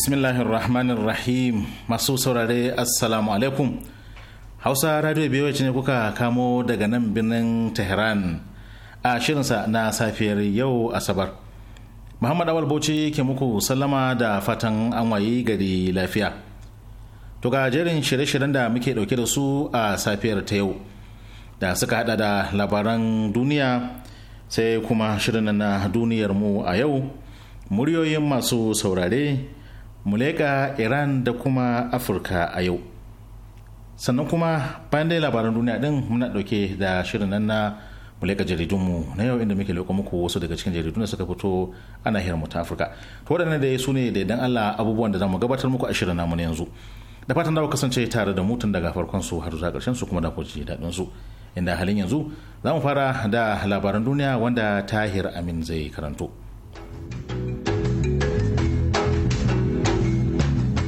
Bismillahirrahmanirrahim, masu saurare assalamu alaikum hausa radio biyu ne kuka kamo daga nan birnin tehran a shirinsa na safiyar yau asabar muhammad awal bauchi ke muku sallama da fatan an wayi gari lafiya to ga jerin shirye-shiryen da muke dauke da su a safiyar ta yau da suka hada da labaran duniya sai kuma shirin na duniyar mu a yau muryoyin masu saurare muleka iran da kuma afirka a yau sannan kuma bayan dai labaran duniya din muna dauke da shirin nan na muleka jaridunmu na yau inda muke leƙo muku wasu daga cikin jaridun da suka fito ana hirar mu ta afirka to waɗannan da su ne da allah abubuwan da zamu gabatar muku a shirin namu na yanzu da fatan da kasance tare da mutun daga farkon su har zuwa ƙarshen su kuma da ku ji daɗin su inda halin yanzu za mu fara da labaran duniya wanda tahir amin zai karanto.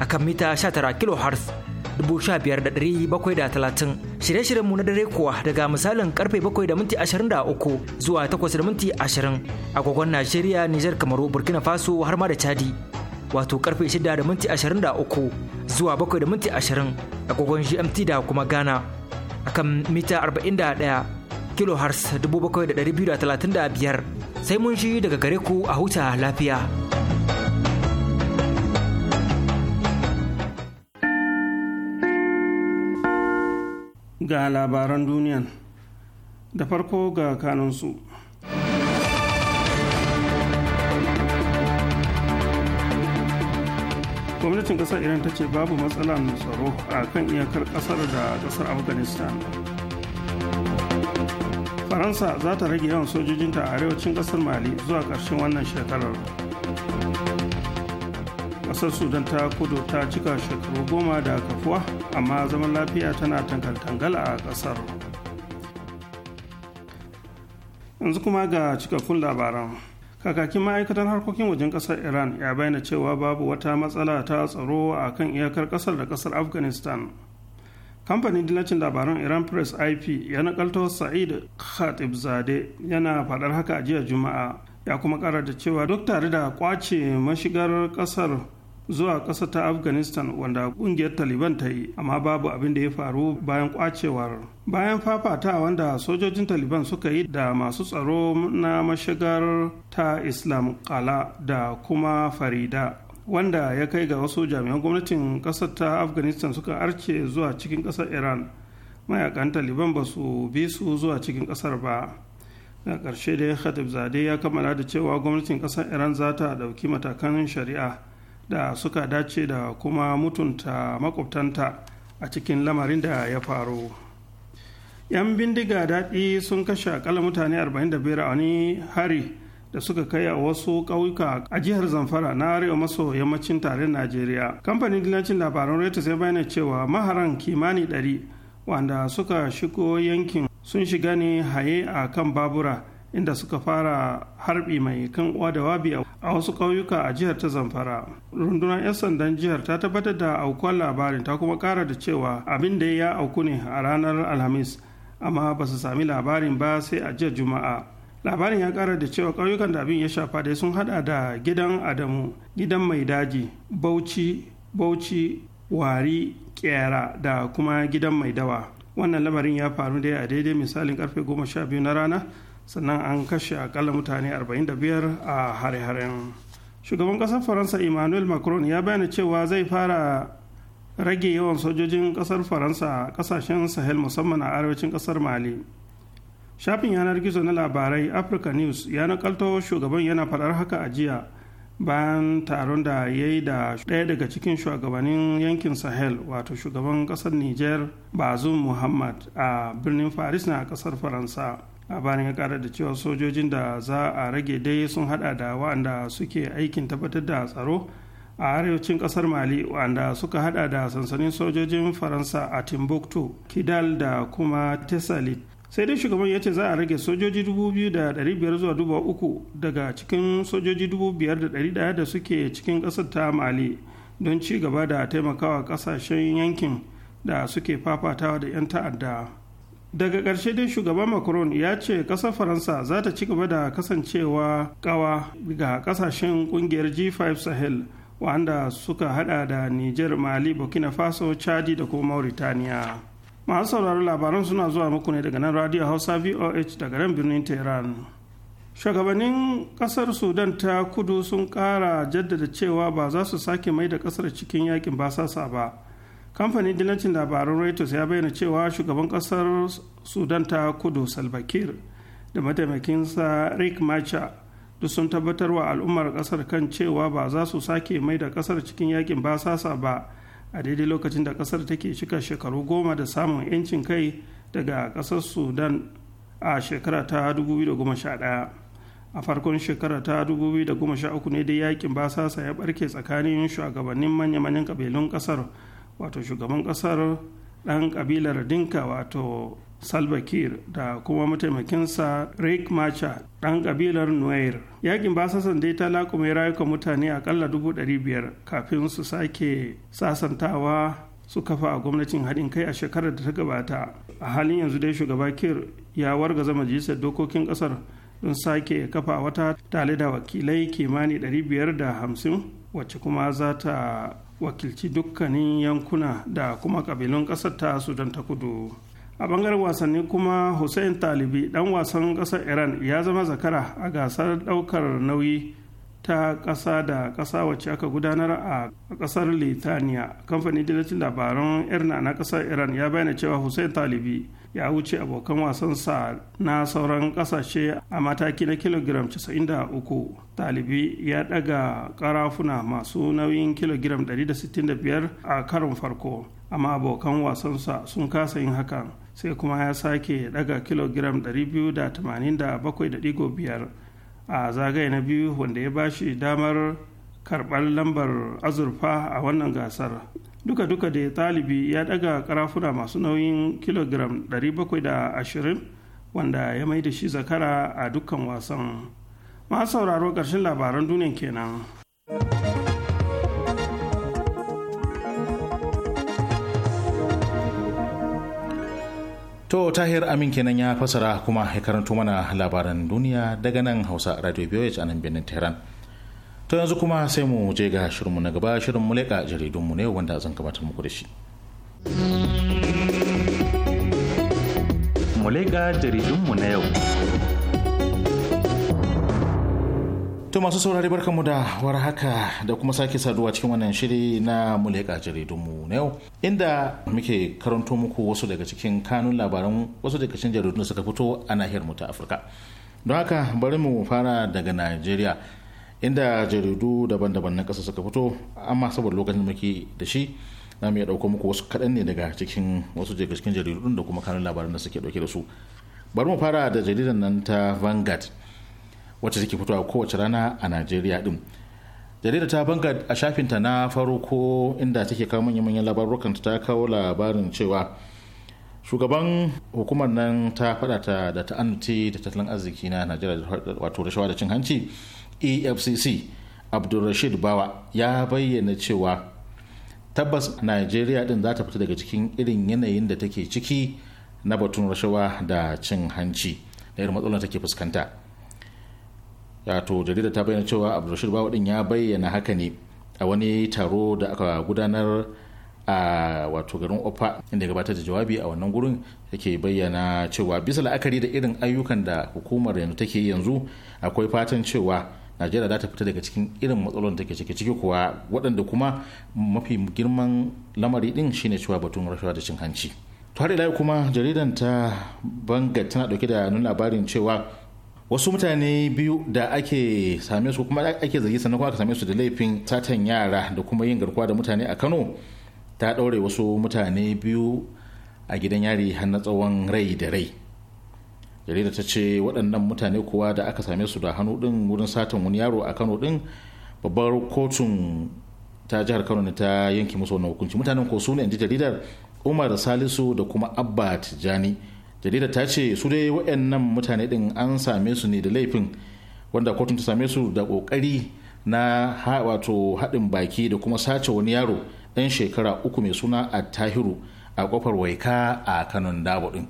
a kan mita 19 kHz 15,730 shirye-shiryenmu na dare kuwa daga misalin karfe 7:23 da minti zuwa 8:20 da minti 20 Najeriya, Nijar, Kamaru, Burkina Faso har ma da Chadi. Wato karfe 6:23 da minti zuwa 7:20 da minti 20 GMT da kuma Ghana. Akan mita 41 kilohertz 7,235 sai mun shi daga gare ku a huta lafiya. ga labaran duniyan da farko ga kanunsu gwamnatin kasar iran ta ce babu matsala mai tsaro a kan iyakar kasar da kasar afghanistan faransa za ta rage yawan sojojinta a arewacin kasar mali zuwa ƙarshen wannan shekarar kasar sudan ta kudu ta cika shekaru goma da kafuwa amma zaman lafiya tana tangal-tangal a kasar yanzu kuma ga cikakkun labaran kakakin ma'aikatar harkokin wajen kasar iran ya bayyana cewa babu wata matsala ta tsaro a kan iyakar kasar da kasar afghanistan kamfanin dillacin labaran iran press ip ya nakalto sa'id khatibzade yana faɗar haka a jiya juma'a ya kuma ƙara da cewa duk tare da kwace mashigar kasar zuwa ƙasa ta afghanistan wanda ƙungiyar taliban ta yi amma babu abin da ya faru bayan kwacewar bayan fafata wanda sojojin taliban suka yi da masu tsaro na mashigar ta islam kala da kuma farida wanda ya kai ga wasu jami'an gwamnatin ƙasar ta afghanistan suka arce zuwa cikin ƙasar iran mayakan taliban ba su bi su zuwa cikin ƙasar ba a ƙarshe da ya zade ya kammala da cewa gwamnatin ƙasar iran za ta ɗauki matakan shari'a da suka dace da kuma mutunta makwabtanta a cikin lamarin da ya faru yan bindiga daɗi sun kashe akalla mutane 45 a wani hari da suka kai a wasu ƙauyuka a jihar zamfara na arewa maso yammacin taron najeriya kamfanin dillancin labaran reuters ya bayyana cewa maharan kimani 100 wanda suka shigo yankin sun shiga ne haye a kan babura inda suka fara harbi mai kan uwa da wabi a wasu ƙauyuka a jihar ta zamfara rundunar 'yan sandan jihar ta tabbatar da aukuwar labarin ta kuma kara da cewa abin da ya auku ne a ranar alhamis amma ba su sami labarin ba sai a jiya juma'a labarin ya ƙara da cewa ƙauyukan da abin ya shafa dai sun hada da gidan adamu gidan mai daji bauchi bauchi wari kera da kuma gidan mai dawa wannan lamarin ya faru dai a daidai misalin karfe goma sha biyu na rana sannan an kashe akalla mutane 45 a hare-haren shugaban kasar faransa emmanuel macron ya bayyana cewa zai fara rage yawan sojojin kasar faransa a kasashen sahel musamman a arewacin kasar mali shafin yanar gizo na labarai africa news ya nakalto shugaban yana faɗar haka a jiya bayan taron da ya yi da ɗaya daga cikin shugabannin yankin sahel wato shugaban kasar niger bazoum muhammad a birnin faris na kasar faransa a bayan ya kara da cewa sojojin da za a rage dai sun hada da waɗanda suke aikin tabbatar da tsaro a arewacin ƙasar mali wanda suka hada da sansanin sojojin faransa a timbuktu kidal da kuma tessalit sai dai shugaban ya ce za a rage sojoji 2,500 zuwa 3,000 daga cikin sojoji 5,100 da suke cikin kasar ta mali don ci gaba da taimakawa kasashen yankin da suke fafatawa da 'yan ta'adda daga ƙarshe dai shugaban macron ya ce ƙasar faransa za ta ci gaba da kasancewa kawa ga ƙasashen ƙungiyar g5 sahel wanda suka hada da niger mali burkina faso chadi da kuma mauritania. masu sauraron labaran suna zuwa muku ne daga nan radio hausa voh daga nan birnin tehran shugabannin kasar sudan ta kudu sun kara jaddada cewa ba za su sake mai da kasar cikin yakin basasa ba kamfanin dillacin labarun reuters ya bayyana cewa shugaban kasar sudan ta kudu salbakir da mataimakinsa rick macha duk sun tabbatar wa al'ummar kasar kan cewa ba za su sake mai da kasar cikin yakin basasa ba a daidai lokacin da kasar take cika shekaru goma da samun 'yancin kai daga kasar sudan a shekara ta 2011 a farkon shekara ta 2013 ne dai yakin basasa ya barke tsakanin shugabannin manya-manyan kabilun kasar wato shugaban ƙasar ɗan ƙabilar dinka wato Salva Kiir da kuma mataimakinsa Rick Macha ɗan ƙabilar Nuer. Yakin basasan dai ta lakume rayukan mutane akalla dubu ɗari biyar kafin su sake sasantawa su kafa a gwamnatin haɗin kai a shekarar da ta gabata. A halin yanzu dai shugaba Kiir ya wargaza majalisar dokokin ƙasar don sake kafa wata tare da wakilai kimanin ɗari biyar da hamsin wacce kuma za ta wakilci dukkanin yankuna da kuma kabilun kasar ta sudan ta kudu a bangaren wasanni kuma hussein talibi dan wasan ƙasar iran ya zama zakara a gasar daukar nauyi ta kasa da kasa wacce aka gudanar a kasar litaniya kamfanin dillacin labaran irna na kasar iran ya bayyana cewa hussein talibi ya wuce abokan wasansa na sauran kasashe a mataki na kilogiram 93 talibi ya daga karafuna masu nauyin kilogiram 165 a karon farko amma abokan wasansa sun kasa yin hakan sai kuma ya sake daga kilogiram 287.5 a zagaye na biyu wanda ya bashi damar karɓar lambar azurfa a wannan gasar duka-duka da ɗalibi ya daga karafuna masu nauyin kilogram 720 wanda ya mai da shi zakara a dukkan wasan masu sauraro ƙarshen labaran duniya kenan. To Tahir Amin kenan ya fasara kuma ya karanto mana labaran duniya daga nan Hausa Radio BOH a nan birnin Tehran. to yanzu kuma sai mu je ga shirinmu na gaba shirin mu leƙa jaridunmu ne wanda zan gabatar muku da shi Mulega jaridunmu na yau. To masu saurari barkanmu da war haka da kuma sake saduwa cikin wannan shiri na muleka jaridunmu na yau inda muke karanto muku wasu daga cikin kanun labaran wasu daga cikin jaridun da suka fito a nahiyar mu ta Afirka. Don haka bari mu fara daga Najeriya inda jaridu daban-daban na ƙasa suka fito amma saboda lokacin da muke da shi na mu ya ɗauko muku wasu kaɗan ne daga cikin wasu daga cikin jaridun da kuma kanun labaran da suke ɗauke da su bari mu fara da jaridar nan ta vanguard wacce take fitowa kowace rana a najeriya din jaridar ta vanguard a shafinta na farko inda take kawo manya-manyan labarukan ta kawo labarin cewa shugaban hukumar nan ta fada ta da da tattalin arziki na najeriya wato rashawa da cin hanci efcc abdulrashid bawa ya bayyana cewa tabbas najeriya din za ta fita daga cikin irin yanayin da take ciki na batun rashawa da cin hanci da irin matsalar take fuskanta to jarida ta bayyana cewa abdulrashid bawa din ya bayyana haka ne a wani taro da aka gudanar a wato garin ofa inda gabatar da jawabi a wannan gurin yake bayyana cewa bisa la'akari da irin ayyukan da hukumar yanzu take yanzu akwai fatan cewa najeriya za ta fita daga cikin irin matsalolin da take ciki ciki kuwa waɗanda kuma mafi girman lamari ɗin shine cewa batun rashawa da cin hanci to har ila kuma jaridan ta banga tana dauke da nuna labarin cewa wasu mutane biyu da ake same su kuma ake zargi sannan kuma aka same su da laifin satan yara da kuma yin garkuwa da mutane a kano ta ɗaure wasu mutane biyu a gidan yari har na tsawon rai da rai jarida ta ce waɗannan mutane kuwa da aka same su da hannu ɗin wurin satan wani yaro a kano ɗin babbar kotun ta jihar kano ne ta yanki musu wannan hukunci mutanen ko su ne inji jaridar umar salisu da kuma abba tijani jarida ta ce su dai waɗannan mutane ɗin an same su ne da laifin wanda kotun ta same su da ƙoƙari na wato haɗin baki da kuma sace wani yaro ɗan shekara uku mai suna a tahiru a ƙofar waika a kanon dabo ɗin.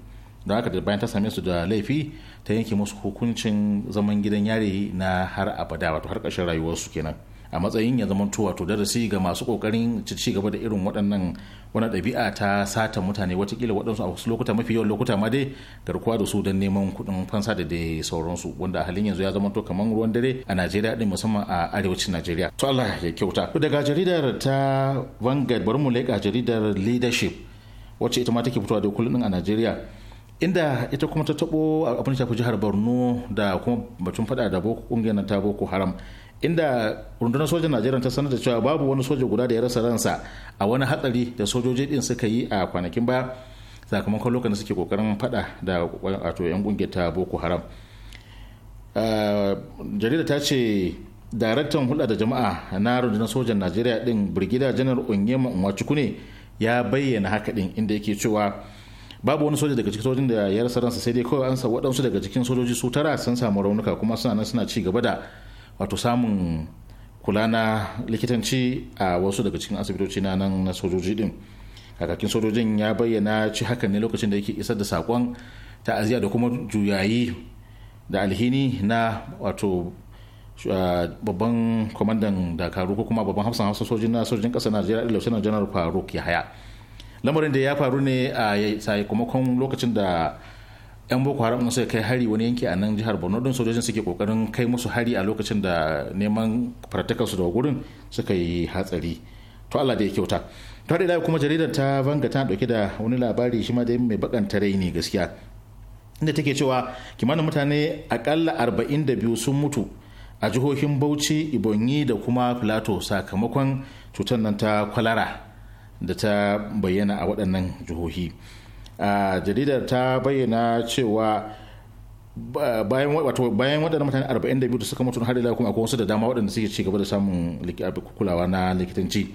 da haka da bayan ta same su da laifi ta yanke musu hukuncin zaman gidan yari na har abada wato har ƙarshen rayuwarsu kenan a matsayin ya zama to darasi ga masu kokarin ci gaba da irin waɗannan wani ɗabi'a ta sata mutane watakila waɗansu a wasu lokuta mafi yawan lokuta ma dai garkuwa da su don neman kuɗin fansa da dai sauransu wanda a halin yanzu ya zama to kamar ruwan dare a najeriya ɗin musamman a arewacin najeriya to allah ya kyauta daga jaridar ta vanguard bari mu leƙa jaridar leadership wacce ita ma take fitowa da kullum a najeriya inda ita kuma ta tabo abin shafi jihar borno da kuma batun fada da boko kungiyar ta boko haram inda rundunar sojan najeriya ta sanar da cewa babu wani soja guda da ya rasa ransa a wani hatsari da sojoji din suka yi a kwanakin baya sakamakon lokacin da suke kokarin fada da wato yan kungiyar ta boko haram jarida ta ce daraktan hulɗa da jama'a na rundunar sojan najeriya din brigida janar onyema nwachukwu ne ya bayyana haka din inda yake cewa babu wani soja daga cikin sojin da ya rasa ransa sai dai kawai an san waɗansu daga cikin sojoji su tara sun samu raunuka kuma suna nan suna ci gaba da wato samun kula na likitanci a wasu daga cikin asibitoci na nan na sojoji din kakakin sojojin ya bayyana ci hakan ne lokacin da yake isar da sakon ta'aziyya da kuma juyayi da alhini na wato babban kwamandan dakaru ko kuma babban hafsan hafsan sojin na sojin ƙasa najeriya da lausanar janar faruk ya haya. lamarin da ya faru ne a sakamakon lokacin da 'yan boko haram suka kai hari wani yanki a nan jihar borno don sojojin suke kokarin kai musu hari a lokacin da neman su daga gurin suka yi hatsari to allah da ya kyauta to da kuma jaridar ta vanga ta dauke da wani labari shi ma da mai bakanta rai ne gaskiya inda take cewa kimanin mutane akalla biyu sun mutu a jihohin bauchi ibonyi da kuma plateau sakamakon cutar nan ta kwalara da ta bayyana a waɗannan jihohi a jaridar ta bayyana cewa bayan wato bayan waɗannan mutane 42 da suka mutu har ila kuma akwai wasu da dama waɗanda suke ci gaba da samun kulawa na likitanci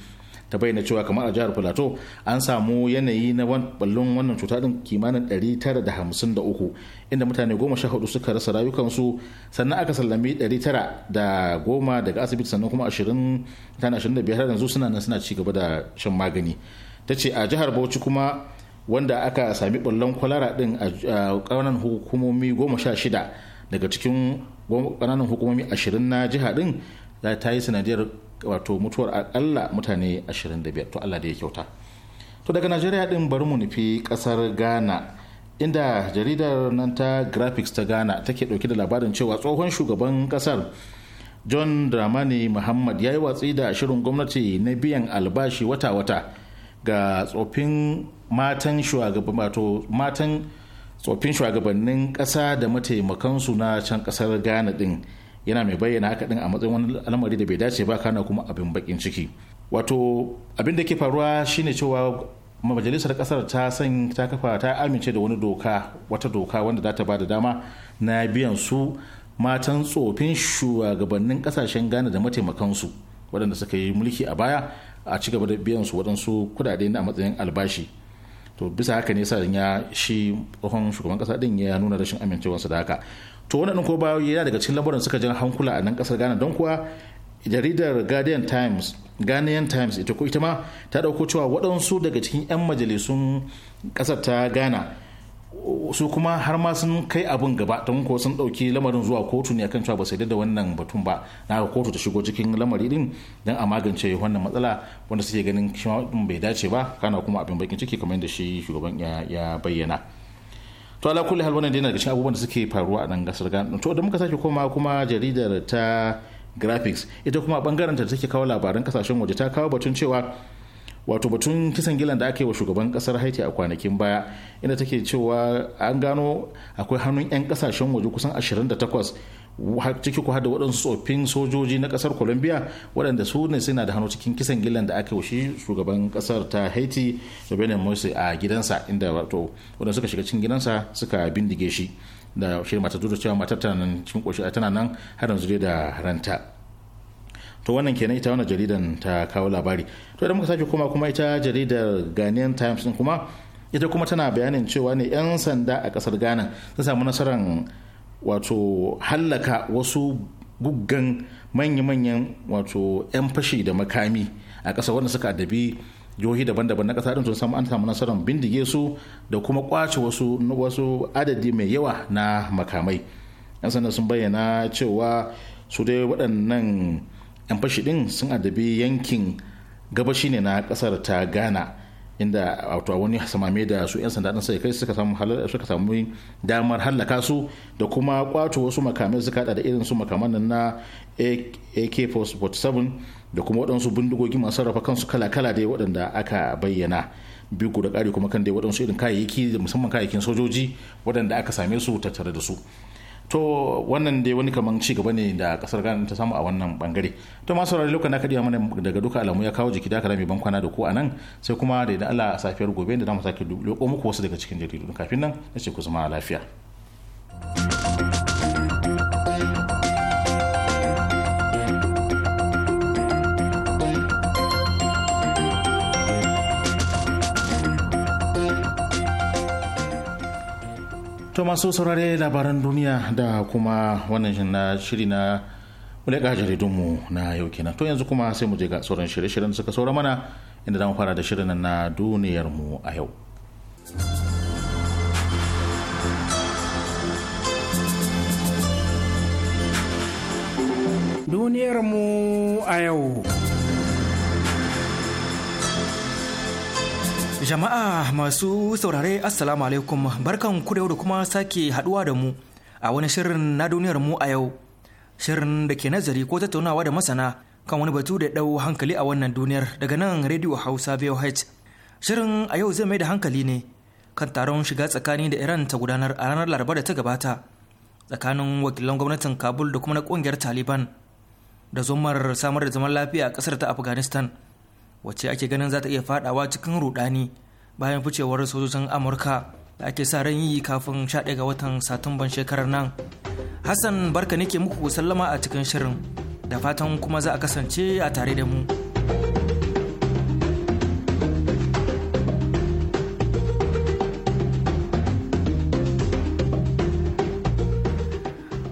ta bayyana cewa kamar a jihar filato an samu yanayi na ballon wannan cuta din kimanin 953 inda mutane 14 suka rasa rayukansu sannan aka sallami 910 daga asibiti sannan kuma 20 mutane 25 har yanzu suna nan suna ci gaba da shan magani ta ce a jihar bauchi kuma wanda aka sami ballon kwalara din a ƙananan hukumomi 16 daga cikin ƙananan hukumomi 20 na jiha din ta yi sanadiyar wato mutuwar akalla mutane 25 to Allah da ya kyauta to daga Najeriya din bari mu nufi kasar Ghana inda jaridar nan ta graphics ta Ghana take dauke da labarin cewa tsohon shugaban kasar John Dramani Muhammad ya yi watsi da shirin gwamnati na biyan albashi wata-wata ga tsofin matan tsofin shugabannin ƙasa da mataimakansu na can kasar Ghana din yana mai bayyana haka din a matsayin wani al'amari da bai dace ba kana kuma abin bakin ciki wato abin da ke faruwa shine cewa majalisar kasar ta san ta kafa ta amince da wani doka wata doka wanda za ta ba da dama na biyan su matan tsofin shugabannin kasashen ghana da mataimakansu waɗanda suka yi mulki a baya a ci gaba da biyan su waɗansu kudade na matsayin albashi to bisa haka ne sa ya shi tsohon shugaban kasa din ya nuna rashin amincewarsa da haka to wani ko bayo yana daga cikin lamuran suka jan hankula a nan kasar Ghana don kuwa jaridar Guardian Times Ghanaian Times ita ko ita ma ta dauko cewa waɗansu daga cikin 'yan majalisun kasar ta Ghana su kuma har ma sun kai abin gaba don ko sun dauki lamarin zuwa kotu ne akan cewa ba sai da wannan batun ba na kotu ta shigo cikin lamari din don a magance wannan matsala wanda suke ganin shi bai dace ba kana kuma abin bakin ciki kamar yadda shi shugaban ya bayyana to ala kulli hal wannan dai daga cikin abubuwan da suke faruwa a nan gasar Ghana to da muka sake koma kuma jaridar ta graphics ita kuma bangaren ta take kawo labaran kasashen waje ta kawo batun cewa wato batun kisan gilan da aka wa shugaban kasar haiti a kwanakin baya inda take cewa an gano akwai hannun 'yan kasashen waje kusan 28 ciki ku da waɗansu tsofin sojoji na ƙasar colombia waɗanda su ne suna da hannu cikin kisan gillan da aka yi shugaban ƙasar ta haiti benin moise a gidansa inda wato waɗanda suka shiga cikin gidansa suka bindige shi da shi matar da cewa matar tana nan cikin ƙoshi tana nan har yanzu da ranta to wannan kenan ita wannan jaridan ta kawo labari to idan muka sake kuma kuma ita jaridar Ghanaian Times din kuma ita kuma tana bayanin cewa ne 'yan sanda a kasar Ghana sun samu nasarar wato hallaka wasu guggan manya-manyan wato 'yan fashi da makami a ƙasa wanda suka adabi jihohi daban-daban na ƙasa ɗin sun an samu nasarar bindige su da kuma kwace wasu wasu adadi mai yawa na makamai yan sanda sun bayyana cewa su dai waɗannan yan fashi ɗin sun adabi yankin gabashi ne na ƙasar ta ghana inda wato wani samame da su 'yan sanda sai kai suka samu suka samu damar hallaka su da kuma kwato wasu makamai suka hada da irin su makaman nan na AK-47 da kuma waɗansu bindigogi masu sarrafa kansu kala-kala dai waɗanda aka bayyana biyu da kari kuma kan dai waɗansu irin kayayyaki da musamman kayayyakin sojoji waɗanda aka same su tattare da su to wannan dai wani kaman ci gaba ne da kasar Ghana ta samu a wannan bangare to ma saurari lokacin ka kadiya mana daga duka alamu ya kawo jiki da ka rami bankwana da ku a nan sai kuma da idan Allah safiyar gobe da zamu sake duk muku wasu daga cikin jaridu kafin nan na ce ku zama lafiya thank you to masu saurare labaran duniya da kuma wannan na shiri na mulaka jaridunmu na yau kenan to yanzu kuma sai mu je ga sauran shirye-shiryen da suka saura mana inda za mu fara da shirin na duniyarmu a yau duniyarmu a yau Jama'a masu saurare Assalamu alaikum barkan ku da da kuma sake haduwa da mu a wani shirin na duniyar mu a yau. Shirin da ke nazari ko tattaunawa da masana kan wani batu da ɗau hankali a wannan duniyar daga nan Radio Hausa VOH. Shirin a yau zai mai da hankali ne kan taron shiga tsakani da Iran ta gudanar a ranar Laraba da ta gabata tsakanin wakilan gwamnatin Kabul da kuma na kungiyar Taliban da zumar samar da zaman lafiya a kasar ta Afghanistan. wacce ake ganin za ta iya fadawa cikin rudani bayan ficewar sojojin amurka da ake sa ran yi kafin 11 ga watan satumban shekarar nan hassan barka nake muku sallama a cikin shirin da fatan kuma za a kasance a tare da mu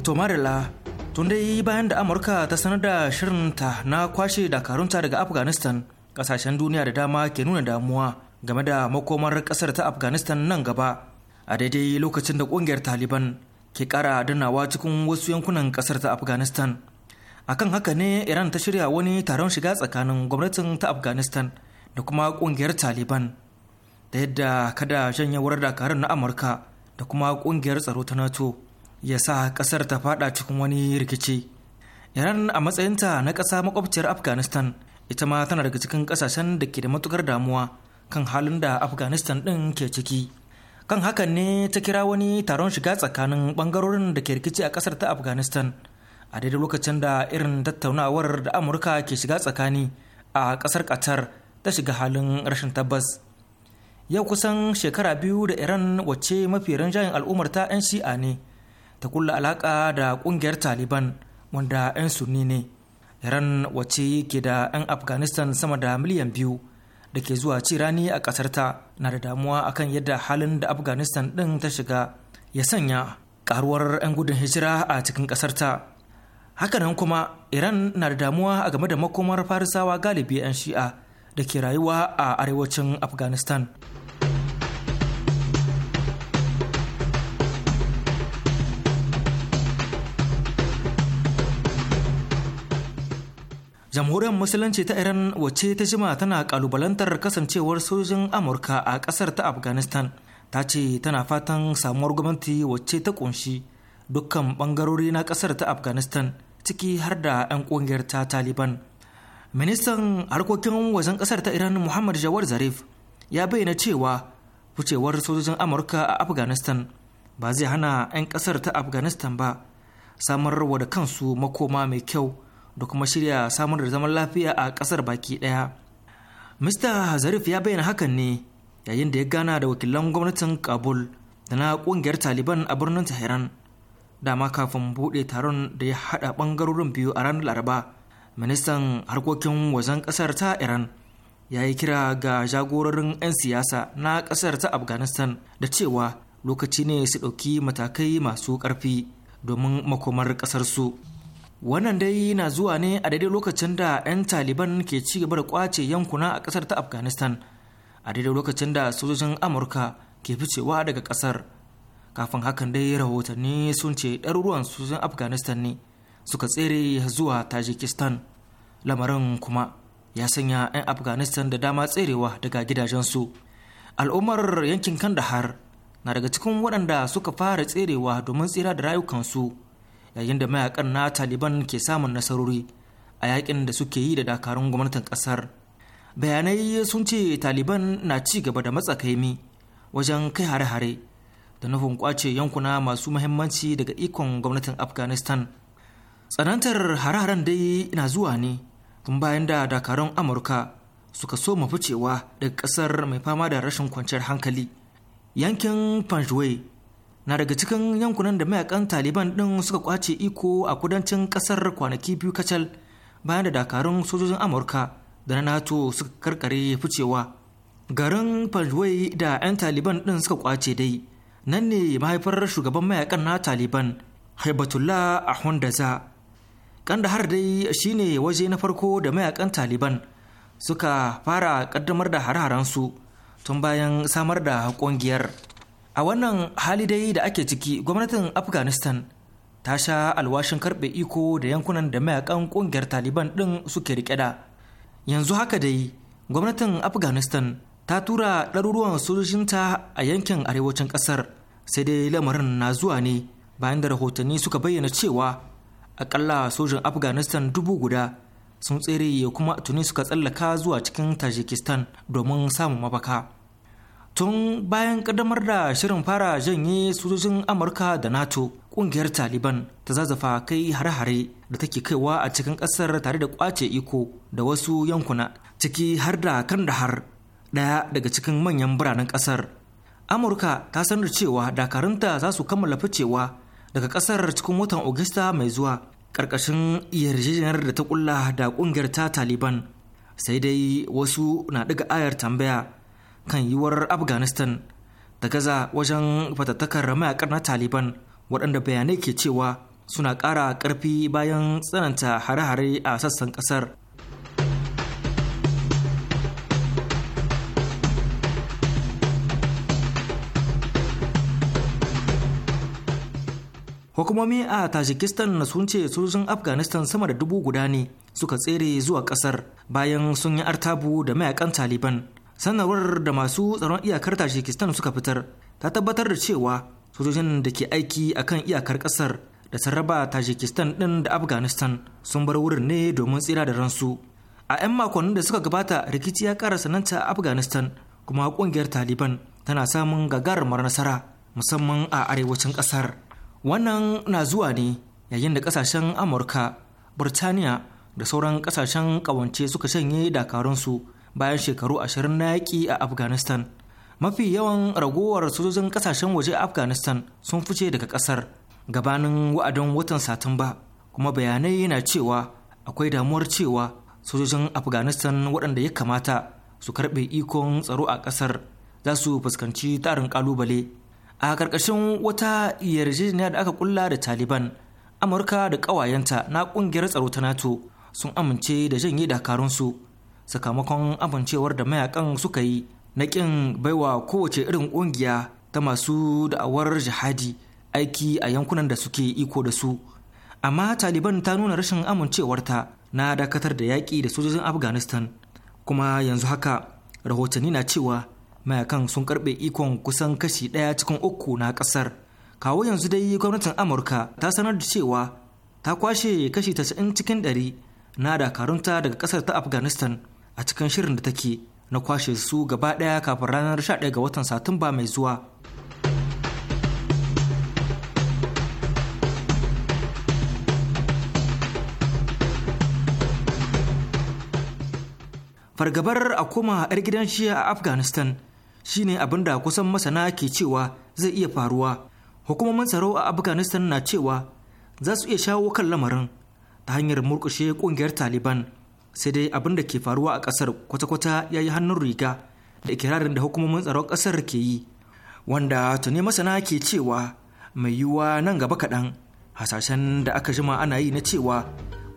tomarila tun dai bayan da amurka ta sanar da shirinta na kwashe dakarunta daga afghanistan kasashen duniya da dama ke nuna damuwa game da makomar kasar ta afghanistan nan gaba a daidai lokacin da kungiyar taliban ke kara danawa cikin wasu yankunan kasar ta afghanistan akan haka ne iran ta shirya wani taron shiga tsakanin gwamnatin ta afghanistan da kuma kungiyar taliban da yadda kada wurar dakarun na amurka da kuma kungiyar tsaro ta nato ya sa kasar ta fada cikin wani rikici iran a matsayinta na ƙasa makwabciyar afghanistan ita ma tana daga cikin kasashen da ke da matukar damuwa kan halin da afghanistan ɗin ke ciki kan hakan ne ta kira wani taron shiga tsakanin bangarorin da ke rikici a kasar ta afghanistan a daidai lokacin da irin tattaunawar da amurka ke shiga tsakani a kasar qatar ta shiga halin rashin tabbas yau kusan shekara biyu da iran wacce mafi rinjayen al'ummar ta 'yan shi'a ne ta kulla alaka da kungiyar taliban wanda 'yan sunni ne iran wace ke da 'yan afghanistan sama da miliyan biyu da ke zuwa ci rani a ƙasarta na da damuwa akan yadda halin da afghanistan ɗin ta shiga ya sanya ƙaruwar 'yan gudun hijira a cikin ƙasarta hakanan kuma iran na da damuwa a game da makomar farisawa galibi 'yan shi'a da ke rayuwa a arewacin afghanistan jamhuriyar musulunci ta iran wacce ta jima tana kalubalantar kasancewar sojin amurka a kasar ta afghanistan ta ce tana fatan samuwar gwamnati wacce ta kunshi dukkan bangarori na kasar ta afghanistan ciki har da 'yan kungiyar ta taliban ministan harkokin wajen kasar ta iran muhammad jawar zarif ya bayyana cewa wucewar sojojin amurka a afghanistan ba zai hana 'yan kasar ta afghanistan ba samarwa da kansu makoma mai kyau da kuma shirya samar da zaman lafiya a ƙasar baki ɗaya. Mr. Zarif ya bayyana hakan ne yayin da ya gana da wakilan gwamnatin Kabul da na ƙungiyar Taliban a birnin Tehran. Dama kafin buɗe taron da ya haɗa ɓangarorin biyu a ranar Laraba, ministan harkokin wajen ƙasar ta Iran ya yi kira ga jagororin 'yan siyasa na ƙasar ta Afghanistan da cewa lokaci ne su ɗauki matakai masu ƙarfi domin makomar ƙasarsu. su. wannan dai na zuwa ne a daidai lokacin da 'yan taliban ke ci gaba da kwace yankuna a kasar ta afghanistan a daidai lokacin da sojojin amurka ke ficewa daga kasar kafin hakan dai rahotanni sun ce ɗaruruwan sojojin afghanistan ne suka tsere zuwa tajikistan lamarin kuma ya sanya 'yan afghanistan da dama tserewa daga gidajensu al'ummar yankin kandahar na daga cikin waɗanda suka fara tserewa domin tsira da rayukansu yayin da mayakan na taliban ke samun nasarori a yakin da suke yi da dakarun gwamnatin kasar bayanai sun ce taliban na ci gaba da matsakaimi wajen kai hare-hare da nufin kwace yankuna masu mahimmanci daga ikon gwamnatin afghanistan tsanantar hare-haren dai na zuwa ne tun bayan da dakarun amurka suka so mafi cewa daga kasar mai fama da rashin kwanciyar hankali yankin Panjwai na daga cikin yankunan da mayakan taliban ɗin suka kwace iko a kudancin ƙasar kwanaki biyu kacal bayan da dakarun sojojin amurka da na nato suka karkare ficewa garin panjwai da 'yan taliban ɗin suka kwace dai nan ne mahaifar shugaban mayakan na taliban haibatullah ahundaza kandahar dai shine waje na farko da mayakan taliban suka fara kaddamar da hare su tun bayan samar da ƙungiyar. a wannan hali dai da ake ciki gwamnatin afghanistan ta sha alwashin karbe iko da yankunan da mayakan kungiyar taliban din suke rike da yanzu haka dai gwamnatin afghanistan ta tura ɗaruruwan sojojinta a yankin arewacin ƙasar sai dai lamarin na zuwa ne bayan da rahotanni suka bayyana cewa akalla sojin afghanistan dubu guda sun tsere kuma tuni suka tsallaka zuwa cikin tajikistan domin samun mafaka tun bayan ƙaddamar da shirin fara janye sojojin amurka da nato ƙungiyar taliban ta zazzafa kai hare-hare da take kaiwa a cikin ƙasar tare da ƙwace iko da wasu yankuna ciki har da kan da har ɗaya daga cikin manyan biranen ƙasar amurka ta sanar cewa dakarunta za su kammala ficewa daga ƙasar cikin watan Agusta mai zuwa ƙarƙashin yarjejeniyar da ta kulla da ƙungiyarta ta taliban sai dai wasu na daga ayar tambaya kan yiwuwar afghanistan da gaza wajen fatattakar mayakar na taliban waɗanda bayanai ke cewa suna ƙara ƙarfi bayan tsananta hare-hare a sassan ƙasar hukumomi a tajikistan na sun ce sojojin afghanistan sama da dubu guda ne suka tsere zuwa kasar bayan sun yi artabu da mayakan taliban sanarwar da masu tsaron iyakar tajikistan suka fitar ta tabbatar da cewa sojojin da ke aiki a kan iyakar kasar da sarraba tajikistan din da afghanistan sun bar wurin ne domin tsira da ransu a 'yan makonnin da suka gabata rikici ya kara sananta a afghanistan kuma kungiyar taliban tana samun gagarumar nasara musamman a arewacin kasar wannan na zuwa ne yayin da kasashen amurka burtaniya da sauran kasashen ƙawance suka shanye dakarunsu bayan shekaru ashirin na yaƙi a afghanistan mafi yawan ragowar sojojin kasashen waje a afghanistan sun fice daga kasar gabanin wa'adin watan satumba kuma bayanai yana cewa akwai damuwar cewa sojojin afghanistan waɗanda ya kamata su karɓe ikon tsaro a ƙasar za su fuskanci tarin ƙalubale a ƙarƙashin wata yarjejeniya da aka kulla da taliban amurka da ƙawayenta na ƙungiyar tsaro ta nato sun amince da janye dakarunsu sakamakon amincewar da mayakan suka yi na kin baiwa kowace irin ƙungiya ta masu da'awar jihadi aiki a yankunan da suke iko da su amma taliban ta nuna rashin amincewarta na dakatar da yaƙi da sojojin afghanistan kuma yanzu haka rahotanni na cewa mayakan sun karɓe ikon kusan kashi ɗaya cikin uku na ƙasar kawo yanzu dai gwamnatin amurka ta sanar da cewa ta kwashe kashi 90 cikin ɗari na dakarunta daga ƙasar ta afghanistan a cikin shirin da take na kwashe su gaba ɗaya kafin ranar 11 ga watan satumba mai zuwa fargabar a koma 'yar gidan shi a afghanistan shine abin da kusan masana ke cewa zai iya faruwa hukumomin tsaro a afghanistan na cewa za su iya shawo kan lamarin ta hanyar murkushe kungiyar taliban sai dai abin da ke faruwa a kasar kwata-kwata ya yi hannun riga da ikirarin da hukumomin tsaron kasar ke yi wanda tuni masana ke cewa mai yiwuwa nan gaba kaɗan hasashen da aka jima ana yi na cewa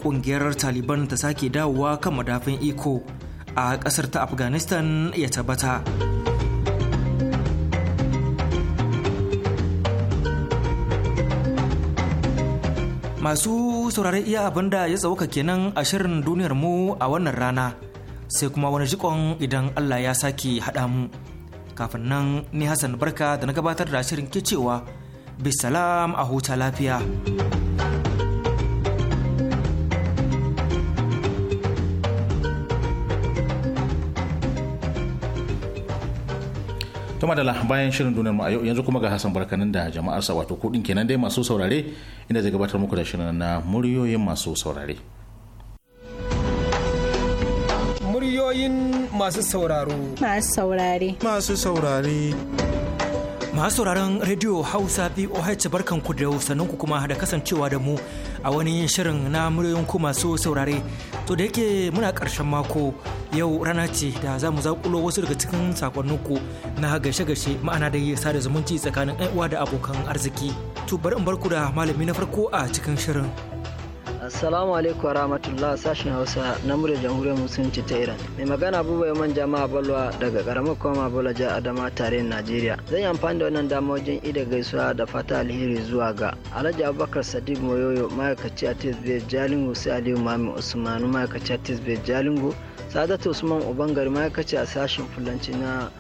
ƙungiyar taliban ta sake dawowa kan madafin iko a kasar ta afghanistan ya tabbata masu saurari iya abin da ya tsawuka kenan a shirin duniyar mu a wannan rana sai kuma wani jikon idan Allah ya sake haɗa mu kafin nan ni Hassan Barka da na gabatar da shirin ke cewa bisalam a huta lafiya. to madala bayan shirin duniyar mu a yau yanzu kuma ga Hassan Barkanin da sa wato kudin kenan dai masu saurare inda zai gabatar muku da shirin na muryoyin masu saurare muryoyin masu sauraro masu saurare masu saurare Masu sauraron Radio Hausa VOH barkanku da ku kuma da kasancewa da mu a wani shirin na muryoyin ku masu saurare. To da yake muna karshen mako yau rana ce da za mu zaƙulo wasu daga cikin sakonninku na gashe-gashe ma'ana da yasa da zumunci tsakanin uwa da abokan arziki. To bari in barku da malami na farko a cikin shirin. Assalamu alaikum warahmatullah sashen Hausa na murya jamhuriyar musulunci ta Iran. Mai magana Abubuwa Yaman Jama'a Balwa daga karamar koma Bola ja Adama tare Najeriya. Zan yi amfani da wannan dama wajen ida gaisuwa da fata alheri zuwa ga Alhaji Abubakar Sadiq Moyoyo ma'aikaci a Tisbe Jalingo sai Aliyu Mami Usmanu ma'aikaci a Tisbe Jalingo. Sadatu Usman Ubangari ma'aikaci a sashen Fulanci na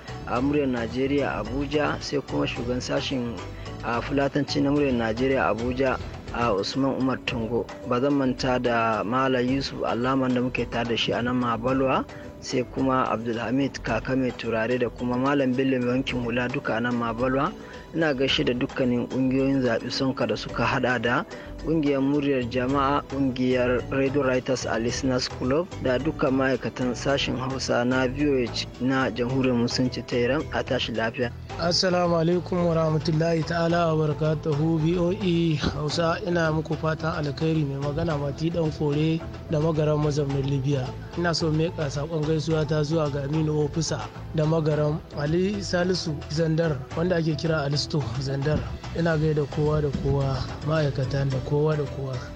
muryar Najeriya Abuja sai kuma shugaban sashen a Fulatanci na muryar Najeriya Abuja. a usman umar tungo ba zan manta da mala yusuf alaman da muke tare da shi a nan mabalwa sai kuma abdulhamid kaka mai turare da kuma malam bello mai wankin hula duka a nan mabalwa ina gaishe da dukkanin ƙungiyoyin zaɓi sonka da suka hada da ƙungiyar muryar jama'a ƙungiyar radio writers a listeners club da duka ma'aikatan sashen hausa na voh na jamhuriyar musulunci ta iran a tashi lafiya assalamu alaikum wa rahmatullahi ta'ala wa barakatuhu voe hausa ina muku fatan alkhairi mai magana mati dan kore da magaran mazaunin libya ina so ka sakon gaisuwa ta zuwa ga aminu ofisa da magaran ali salisu zandar wanda ake kira alisto zandar ina gaida kowa da kowa ma'aikatan da kowa boa no Goa.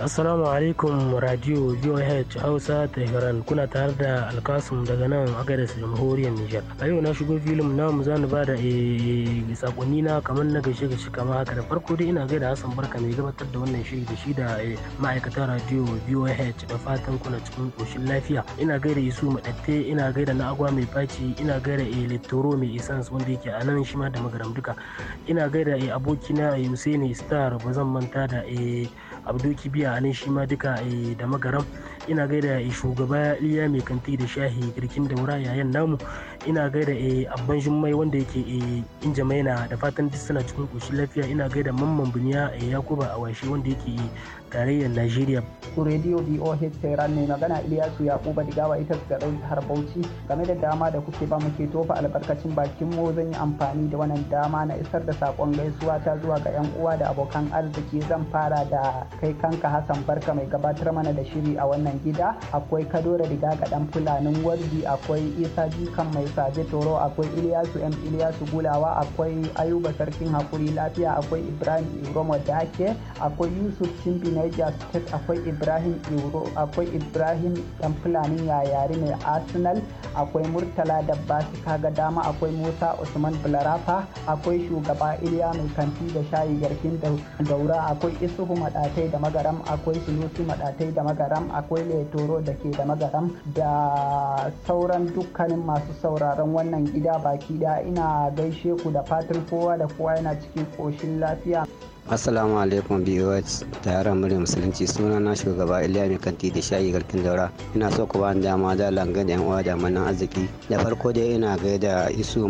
Assalamu alaikum radio VOH Hausa Tehran kuna tare da Alkasum daga nan Agadez Jamhuriyar Nijar. A yau na shigo filin namu zanu ba da eh, sakonni na kamar na gaishe gaishe kamar haka da farko dai ina gaida Hassan Barka mai gabatar da wannan shiri da shi da eh, ma'aikatan radio VOH da fatan kuna cikin koshin lafiya. Ina gaida Isu Madatte, ina gaida na agwa mai faci, ina gaida Electoro eh, mai isans wanda yake a nan shi ma da magaram duka. Ina gaida abokina Hussein Star ba zan manta da abdu kibiya anan shi ma duka eh, da magaram ina gaida eh, shugaba mai kanti da shahi girkin daura yayan namu ina gaida eh, abban jummai wanda yake in jama'ina da fatan duk suna cikin koshin lafiya ina gaida mamman biniya buniya yakuba a washe wanda yake tarayyar Najeriya. Ku rediyo VOH Tehran ne magana Iliyasu Yakuba gawa ita su har Bauchi game da dama da kuke ba muke tofa albarkacin bakin mu zan yi amfani da wannan dama na isar da sakon gaisuwa ta zuwa ga yan uwa da abokan arziki zan fara da kai kanka Hassan Barka mai gabatar mana da shiri a wannan gida akwai Kadora Diga ga dan Fulanin Wardi akwai Isa Jikan mai saje Toro akwai Iliyasu M Iliyasu Gulawa akwai Ayuba Sarkin Hakuri Lafiya akwai Ibrahim da Dake akwai Yusuf na. niger state akwai ibrahim iro akwai ibrahim dan fulani yayari mai arsenal akwai murtala da basu kaga dama akwai musa usman blarafa akwai shugaba iliya mai kanti da shayi garkin daura akwai isuhu madatai da magaram akwai sinusi madatai da magaram akwai letoro da ke da magaram da sauran dukkanin masu sauraron wannan gida baki da ina gaishe ku da fatar kowa da kowa yana cikin koshin lafiya assalamu alaikum bos da yaran murya musulunci suna na shugaba iliya mai kanti da shayi garkin daura ina so ku bani dama da langan yan uwa da manan arziki da farko dai ina gaida isu su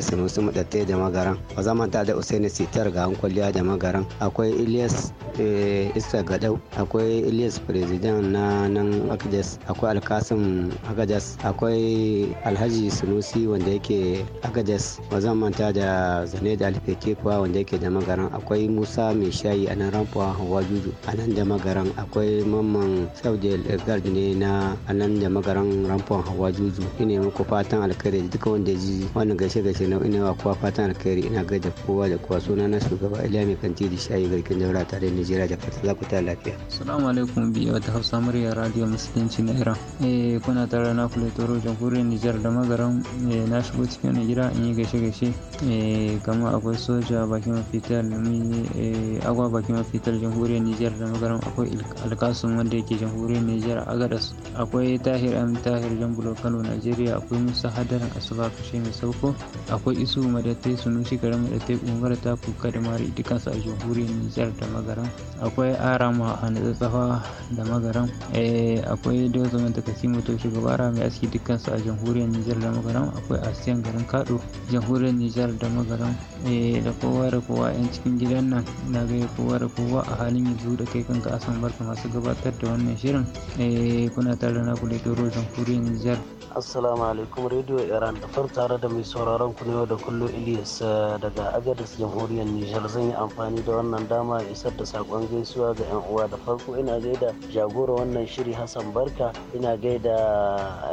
sanusi madattai da magaran ba zaman ta da usaini sitar ga hankuliya da magaran akwai ilyas eh, isa gadau akwai ilyas president na nan akadas akwai alkasim akadas akwai alhaji sanusi wanda yake akadas ba zaman ta da zane da alfeke wanda yake da magaran akwai musa isa mai shayi a nan a nan da magaran akwai mamman saudi gard ne na a nan da magaran ramfuwan hawa juju ina muku fatan alkhairi duka wanda ji wannan gaishe gaishe na ina wa kowa fatan alkhairi ina gaida kowa da kowa suna na shugaba iliya mai kanti da shayi garkin daura tare da nigeria da fata za ku ta lafiya. salamu alaikum biyu wata hausa murya radio musulunci na iran eh kuna tare na kula toro jamhuriyar nijar da magaran eh, na shigo cikin gida in yi gaishe gaishe eh, kamar akwai soja bakin fitar mun Eh, agwa bakin mafitar jamhuriyar niger da magaran akwai alkasum wanda yake jamhuriyar nijar a agadas akwai tahir am tahir jambulo kano najeriya akwai musa hadarin asuba kashe mai sauko akwai isu madatai sunushi garin madatai umar ta kuka da mari dukansu a jamhuriyar niger da magaran akwai arama a natsatsafa da magaran eh, akwai dozoman takasimu to shugabara mai aski dukansu a jamhuriyar niger da magaran akwai asiyan garin kado jamhuriyar niger da magaran eh, da kowa da kowa yan cikin gidan nan na gaya kowa da kowa a halin yanzu da kai kanka asan barka masu gabatar da wannan shirin eh, kuna tare na ku da doro jamhuriyar nijar assalamu alaikum radio iran da far tare da mai sauraron ku yau da kullum ilyas eh, daga agadis jamhuriyar nijar zan yi amfani da wannan dama isar da sakon gaisuwa ga yan uwa da farko ina gaida jagora wannan shiri hassan barka ina gaida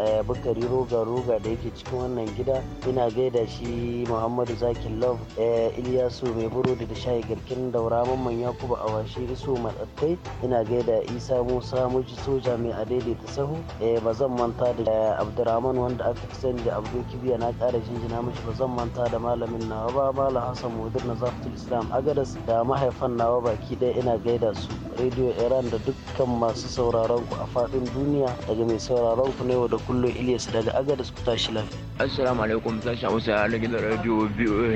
eh, bukari roga roga da yake cikin wannan gida ina gaida shi muhammadu zakin love ilyasu mai burodi da shayi garkin birnin daura mamman a washe iso matsattai ina gaida isa musa muji soja mai ta sahu eh, ba zan manta da eh, abdurrahman wanda aka fi sani da abdul kibiya na kara jinjina mashi ba zan manta da malamin nawa ba malam hassan mudir na zafatul islam agadas da mahaifan nawa baki daya ina gaida su radio iran da dukkan masu sauraron ku a faɗin duniya daga mai sauraron ku na yau da kullum ilyas daga agadas ku tashi lafiya assalamu alaikum sashen hausa na gidan radio voh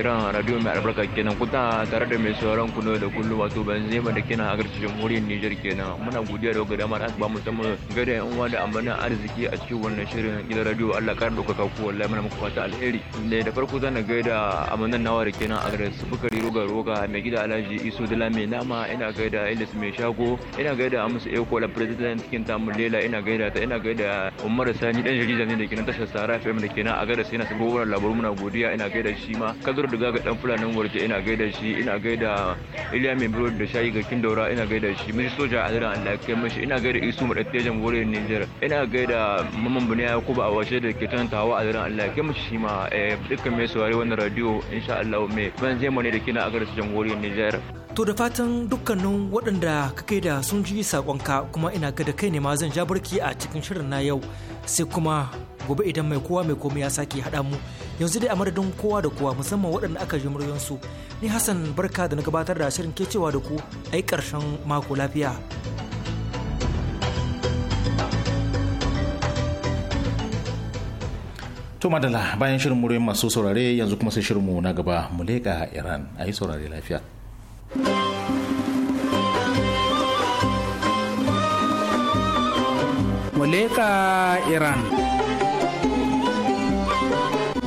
iran radio mai albarka kenan kuta tare da mai sauran ku da kullum wato Benzema da kenan a garci jamhuriyar Niger kenan muna godiya da gadamar aka ba musamman samu yan uwa da amana arziki a cikin wannan shirin gidan radio Allah kar dokaka ku wallahi muna muku fata alheri da da farko zan gaida amanan nawa da kenan a garin Bukari Roga Roga mai gida Alhaji iso Dala mai nama ina gaida Ilis mai shago ina gaida Amsu Eko da president cikin tamu Lela ina gaida ta ina gaida Umar Sani dan jarida ne da kenan tashar Sara FM da kenan a garin sai na sabuwar labaru muna godiya ina gaida shi ma Kadur daga ga dan fulanin warje ina gaida shi ina gaida gaida Ilya mai biro da shayi ga kin daura ina gaida shi mai soja a zira Allah kai mashi ina gaida Isu mu dattiya jamhuriyar Nijar ina gaida Mamman ya kuba a washe da ke tanta hawa a zira Allah kai mashi shi ma eh, dukkan mai saurari wannan radio insha Allah mai ban zai ne da kina a garin jamhuriyar Nijar. To da fatan dukkanin waɗanda kake da sun ji saƙonka kuma ina ga da kai ne ma zan ja barki a cikin shirin na yau sai kuma gobe idan mai kowa mai komai ya sake haɗa mu yanzu dai a madadin kowa da kowa musamman waɗanda aka ji muryansu ni Hassan barka da na gabatar da shirin ke cewa da ku a yi ƙarshen mako lafiya. To madala bayan shirin muryoyin masu saurare yanzu kuma sai mu na gaba mu leƙa Iran a yi saurare lafiya. Muleka Iran.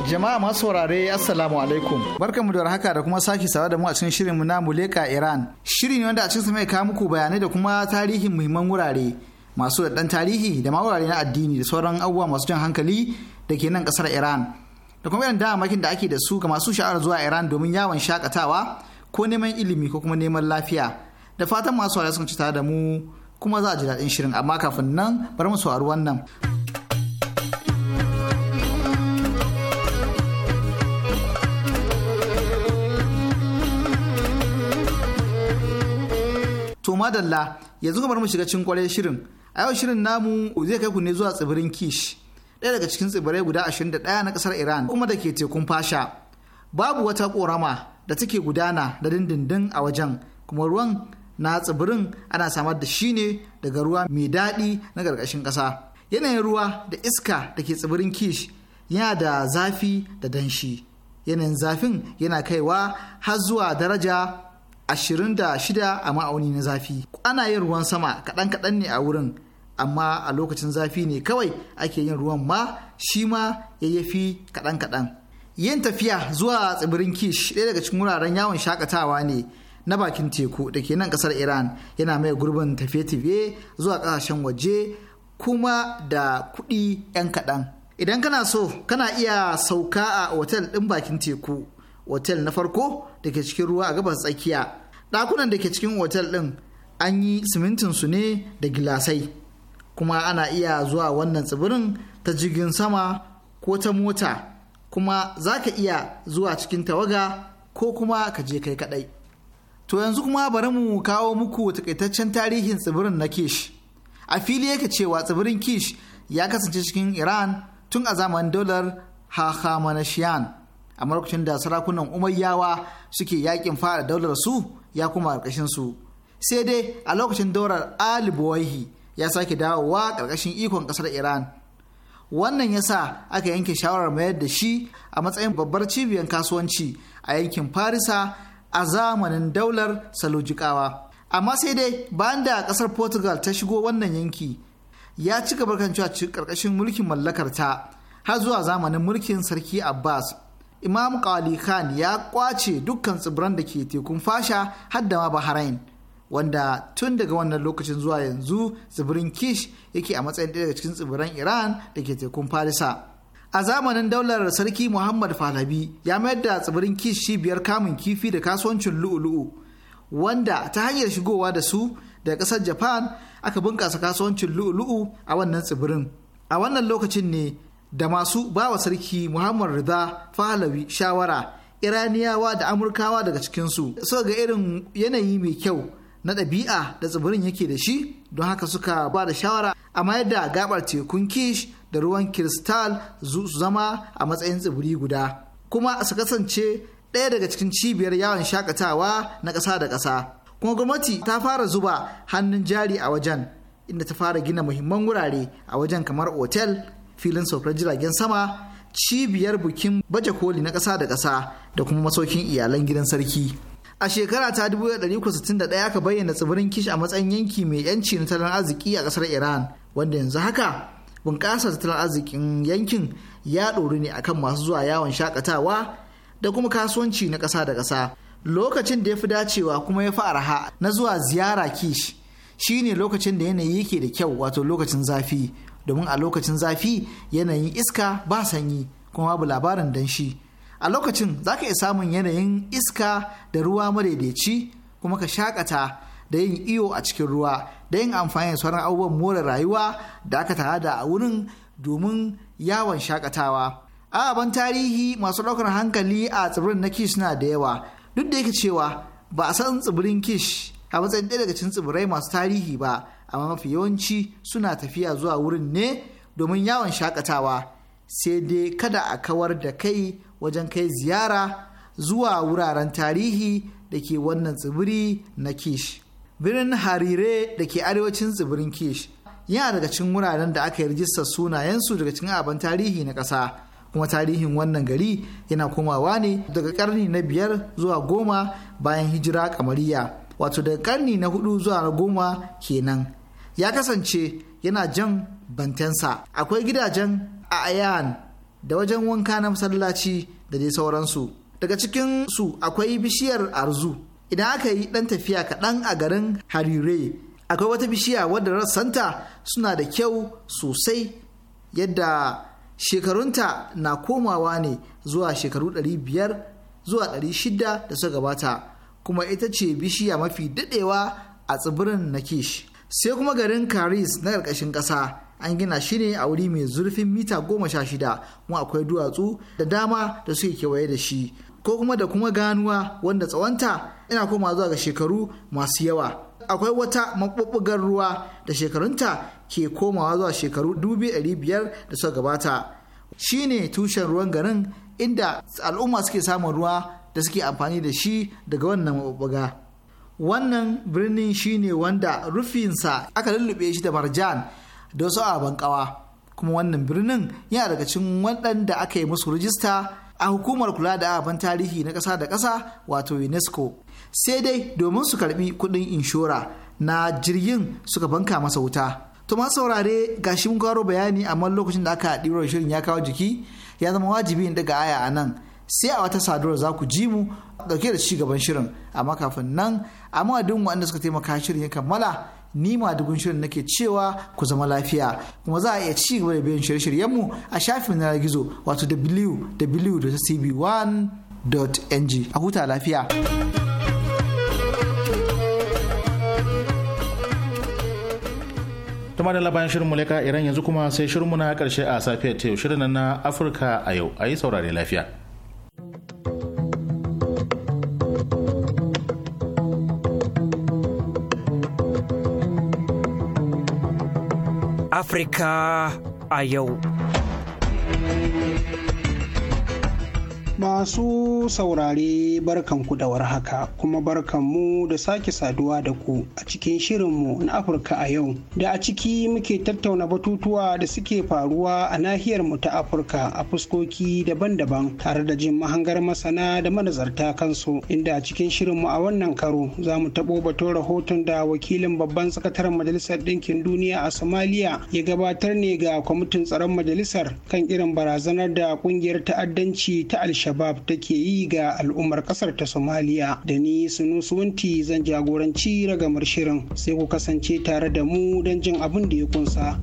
Jama'a masu saurare Assalamu alaikum. Barkanmu da warhaka da kuma sake sawa da mu a cikin shirinmu na Muleka Iran. Shiri ne wanda a cikin mai kawo muku bayanai da kuma tarihin muhimman wurare masu da ɗan tarihi da ma wurare na addini da sauran abubuwa masu jan hankali da ke nan ƙasar Iran. Da kuma irin damakin da ake da su ga masu sha'awar zuwa Iran domin yawon shakatawa ko neman ilimi ko kuma neman lafiya da fatan masu wari sun ci da mu kuma za a ji daɗin shirin amma kafin nan bari mu saurari wannan. To madalla yanzu kamar mu shiga cikin kwarai shirin a yau shirin namu zai kai ku ne zuwa tsibirin kish ɗaya daga cikin tsibirai guda 21 na ƙasar iran kuma da ke tekun fasha babu wata ƙorama da take gudana da dindindin a wajen kuma ruwan na tsibirin ana samar da shi ne daga ruwa mai daɗi na ƙarƙashin ƙasa yanayin ruwa da iska da ke tsibirin kish yana da zafi da danshi yanayin zafin yana kaiwa har zuwa daraja 26 a ma'auni na zafi ana yin ruwan sama kaɗan-kaɗan ne a wurin amma a lokacin zafi ne kawai ake yin ruwan ma shi ma yayyafi kaɗan-kaɗan yin tafiya zuwa tsibirin kish ɗaya daga cikin wuraren yawon shakatawa ne na bakin teku da ke nan ƙasar iran yana mai gurbin tafiye-tafiye zuwa ƙasashen waje kuma da kuɗi 'yan kaɗan idan kana so kana iya sauka a otel ɗin bakin teku otel na farko da ke cikin ruwa a gabas tsakiya ɗakunan da ke cikin otel ɗin an yi simintin su ne da gilasai kuma ana iya zuwa wannan tsibirin ta jirgin sama ko ta mota kuma za ka iya zuwa cikin tawaga ko kuma ka je kai kaɗai. To yanzu kuma bari mu kawo muku takaitaccen tarihin tsibirin na Kish. A fili yake cewa tsibirin Kish ya kasance cikin Iran tun a zamanin dolar Hakamanashiyan. A lokacin da sarakunan Umayyawa suke yakin fara daular su ya kuma ƙarƙashin su. Sai dai a lokacin daular Ali ya sake dawowa ƙarƙashin ikon ƙasar Iran. wannan ya sa aka yanke shawarar mayar da shi a matsayin babbar cibiyar kasuwanci a yankin farisa a zamanin daular salojikawa amma sai dai bayan da kasar portugal ta shigo wannan yanki ya ci gaba kan cewa karkashin mulkin mallakarta, har zuwa zamanin mulkin sarki abbas imam kali khan ya kwace dukkan tsibiran da ke tekun fasha har da ma bahrain wanda tun daga wannan lokacin zuwa yanzu tsibirin kish yake a matsayin ɗaya daga cikin tsibiran iran da ke tekun farisa a zamanin daular sarki muhammad falabi ya mayar da tsibirin kish cibiyar kamun kifi da kasuwancin lu'ulu'u wanda ta hanyar shigowa da su daga kasar japan aka bunƙasa kasuwancin lu'ulu'u a wannan tsibirin a wannan lokacin ne da masu bawa sarki muhammad rida falabi shawara iraniyawa da amurkawa daga cikinsu suka ga irin yanayi mai kyau na ɗabi'a da tsibirin yake da shi don haka suka ba da shawara a mayar da gabar tekun kish da ruwan kiristal su zama a matsayin tsibiri guda kuma su kasance ɗaya daga cikin cibiyar yawon shakatawa na ƙasa da ƙasa kuma gwamnati ta fara zuba hannun jari a wajen inda ta fara gina muhimman wurare a wajen kamar otel filin saukar jiragen sama cibiyar bukin baje koli na ƙasa da ƙasa da kuma masaukin iyalan gidan sarki. a shekara ta 1961 aka bayyana tsibirin kish a matsayin yanki mai yanci na tattalin arziki a kasar iran wanda yanzu haka bunƙasar tattalin arzikin yankin ya ɗori ne akan masu zuwa yawon shakatawa da kuma kasuwanci na ƙasa da ƙasa lokacin da ya fi dacewa kuma ya fi arha na zuwa ziyara kish shine lokacin da yanayi yake da kyau wato lokacin zafi domin a lokacin zafi yanayin iska ba sanyi kuma babu labarin danshi a lokacin za ka iya samun yanayin iska da ruwa madaidaici kuma ka shakata da yin iyo a cikin ruwa da yin amfani da sauran abubuwan more rayuwa da aka tara da a wurin domin yawon shakatawa ababen tarihi masu ɗaukar hankali a tsibirin na kish na da yawa duk da yake cewa ba a san tsibirin kish a matsayin ɗaya daga cikin tsibirai masu tarihi ba amma mafi yawanci suna tafiya zuwa wurin ne domin yawon shakatawa sai dai kada a kawar da kai wajen kai ziyara zuwa wuraren tarihi da ke wannan tsibiri na kish birnin harire da ke arewacin tsibirin kish yana daga cikin wuraren da aka yi rijistar sunayensu daga cikin abin tarihi na ƙasa kuma tarihin wannan gari yana komawa ne daga karni na biyar zuwa goma bayan hijira kamariya wato daga karni na hudu zuwa na goma kenan ya kasance yana jan bantensa akwai gidajen a ayan da wajen wanka na masallaci da dai sauransu daga cikin su akwai bishiyar arzu idan aka yi ɗan tafiya kaɗan a garin harire akwai wata bishiya wadda rassanta suna da kyau sosai yadda shekarunta na komawa ne zuwa shekaru ɗari biyar zuwa ɗari shida da suka gabata kuma ita ce bishiya mafi daɗewa a tsibirin na kish sai kuma garin karis na ƙarƙashin ƙasa an gina shi ne a wuri mai zurfin mita goma sha shida kuma akwai duwatsu da dama da suke kewaye da shi ko kuma da kuma ganuwa wanda tsawonta yana koma zuwa ga shekaru masu yawa akwai wata maɓuɓɓugar ruwa da shekarunta ke komawa zuwa shekaru dubi ɗari biyar da suka gabata shi ne tushen ruwan garin inda al'umma suke samun ruwa da suke amfani da shi daga wannan maɓuɓɓuga wannan birnin shi ne wanda rufinsa aka lullube shi da marjan da wasu aban kawa kuma wannan birnin yana daga cikin waɗanda aka yi musu rijista a hukumar kula da ababen tarihi na ƙasa da ƙasa wato unesco sai dai domin su karbi kuɗin inshora na jirgin suka banka masa wuta to ma saurare shi mun bayani amma lokacin da aka ɗiro shirin ya kawo jiki ya zama wajibi in daga aya a nan sai a wata saduwar za ku ji mu ɗauke da gaban shirin amma kafin nan a madadin waɗanda suka taimaka shirin ya kammala ni ma madugun shirin nake cewa ku zama lafiya kuma za a iya ci gaba da biyan shirye-shiryenmu a shafin na gizo wato www.cb1.ng a huta lafiya. tuma da labayan shirin muleka iran yanzu kuma sai shirinmu na karshe a safiyar ta yau shirin na afirka a yau a yi saurare lafiya. Afirka a yau. Masu saurare barkanku da warhaka kuma barkanmu da sake saduwa da ku a cikin shirinmu na Afirka a yau da a ciki muke tattauna batutuwa da suke faruwa a nahiyar mu ta Afirka a fuskoki daban-daban tare da jin mahangar masana da manazarta kansu inda a cikin shirinmu a wannan karo za mu taɓo batun rahoton da wakilin babban sakataren majalisar ɗinkin duniya a Somalia ya gabatar ne ga kwamitin tsaron majalisar kan irin barazanar da ƙungiyar ta'addanci ta alshe shabab take yi ga al'ummar kasar ta somaliya da ni sunusunti zan jagoranci ragamar shirin sai ku kasance tare da mu don jin abin da ya kunsa.